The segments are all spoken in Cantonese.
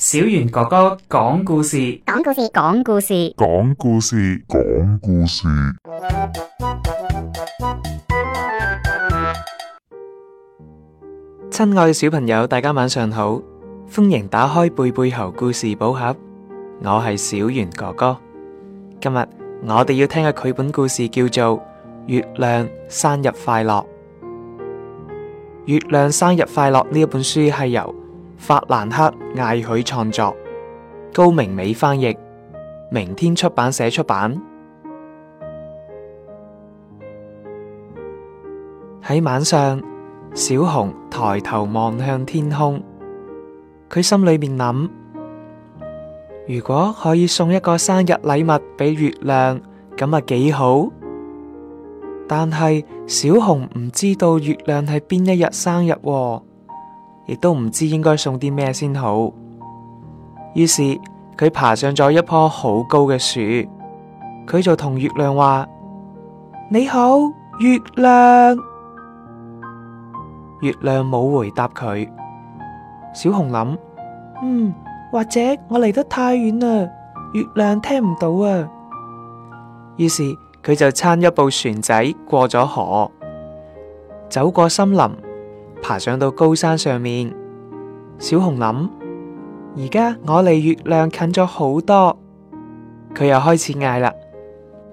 小袁哥哥講故事，講故事，講故事，講故事，講故事，講故事。親愛嘅小朋友，大家晚上好，歡迎打開貝貝猴故事寶盒，我係小袁哥哥。今日我哋要聽嘅繪本故事叫做《月亮，生日快樂》。《月亮，生日快樂》呢一本書係由，法蘭克艾許創作，高明美翻譯，明天出版社出版。喺晚上，小熊抬頭望向天空，佢心裏面諗：如果可以送一個生日禮物俾月亮，咁啊幾好。但係小熊唔知道月亮係邊一日生日喎。亦都唔知應該送啲咩先好，於是佢爬上咗一棵好高嘅樹，佢就同月亮話：你好，月亮。月亮冇回答佢。小熊諗：嗯，或者我嚟得太遠啦，月亮聽唔到啊。於是佢就撐一部船仔過咗河，走過森林。爬上到高山上面，小熊諗：而家我離月亮近咗好多，佢又開始嗌啦。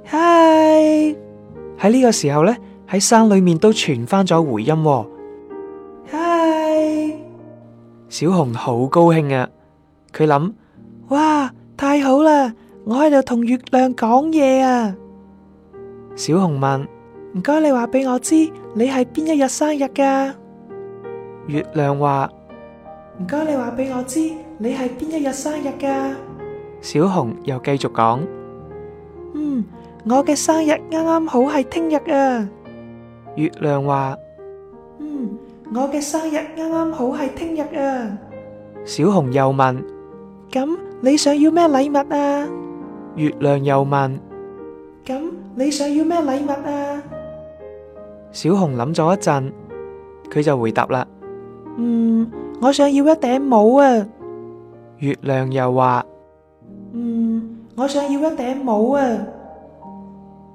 嗨 Hi！喺呢個時候呢，喺山裏面都傳翻咗回音喎。嗨 Hi！小熊好高興啊！佢諗：哇，太好啦！我喺度同月亮講嘢啊！小熊問：唔該你話俾我知，你係邊一日生日噶？月亮話：唔該，你話俾我知你係邊一日生日噶？小熊又繼續講：嗯，我嘅生日啱啱好係聽日啊。月亮話：嗯，我嘅生日啱啱好係聽日啊。小熊又問：咁、嗯、你想要咩禮物啊？月亮又問：咁、嗯、你想要咩禮物啊？小熊諗咗一陣，佢就回答啦。嗯，我想要一頂帽啊！月亮又話：嗯，我想要一頂帽啊！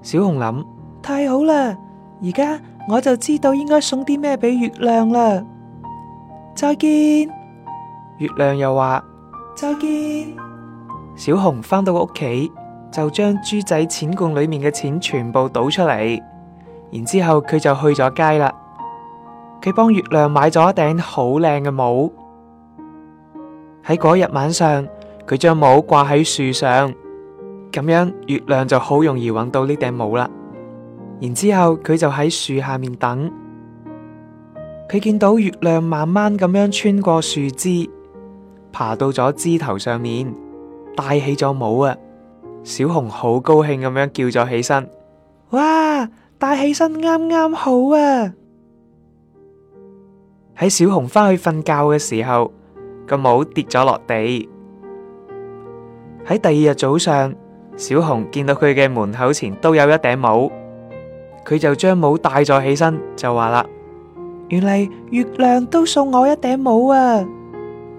小熊諗：太好啦，而家我就知道應該送啲咩俾月亮啦。再見，月亮又話：再見。小熊返到屋企，就將豬仔錢罐裏面嘅錢全部倒出嚟，然之後佢就去咗街啦。佢幫月亮買咗一頂好靚嘅帽，喺嗰日晚上，佢將帽掛喺樹上，咁樣月亮就好容易揾到呢頂帽啦。然之後佢就喺樹下面等，佢見到月亮慢慢咁樣穿過樹枝，爬到咗枝頭上面，戴起咗帽啊！小熊好高興咁樣叫咗起身，哇，戴起身啱啱好啊！喺小熊翻去瞓覺嘅時候，個帽跌咗落地。喺第二日早上，小熊見到佢嘅門口前都有一頂帽，佢就將帽戴咗起身，就話啦：「原來月亮都送我一頂帽啊！」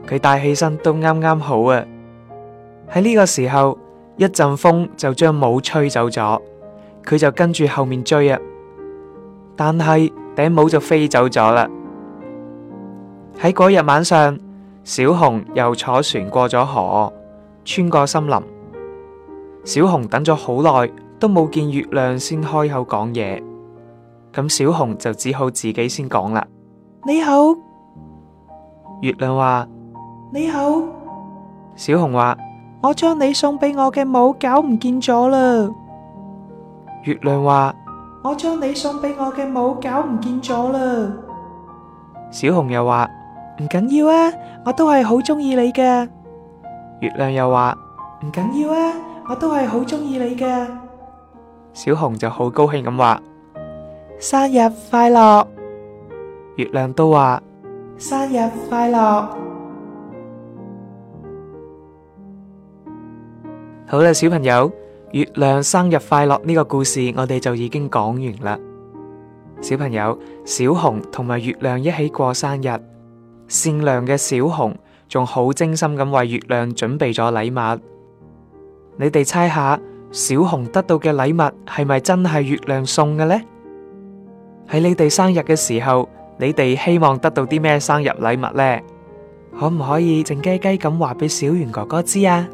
佢戴起身都啱啱好啊。喺呢個時候，一陣風就將帽吹走咗，佢就跟住後面追啊，但係頂帽就飛走咗啦。喺嗰日晚上，小熊又坐船過咗河，穿過森林。小熊等咗好耐，都冇見月亮，先開口講嘢。咁小熊就只好自己先講啦。你好，月亮話你好。小熊話我將你送俾我嘅帽搞唔見咗啦。月亮話我將你送俾我嘅帽搞唔見咗啦。小熊又話。唔緊要啊，我都係好中意你嘅。月亮又話唔緊要啊，我都係好中意你嘅。小熊就好高興咁話生日快樂。月亮都話生日快樂。好啦，小朋友，月亮生日快樂呢個故事我哋就已經講完啦。小朋友，小熊同埋月亮一起過生日。善良嘅小熊仲好精心咁為月亮準備咗禮物，你哋猜下小熊得到嘅禮物係咪真係月亮送嘅呢？喺你哋生日嘅時候，你哋希望得到啲咩生日禮物呢？可唔可以靜雞雞咁話俾小袁哥哥知啊？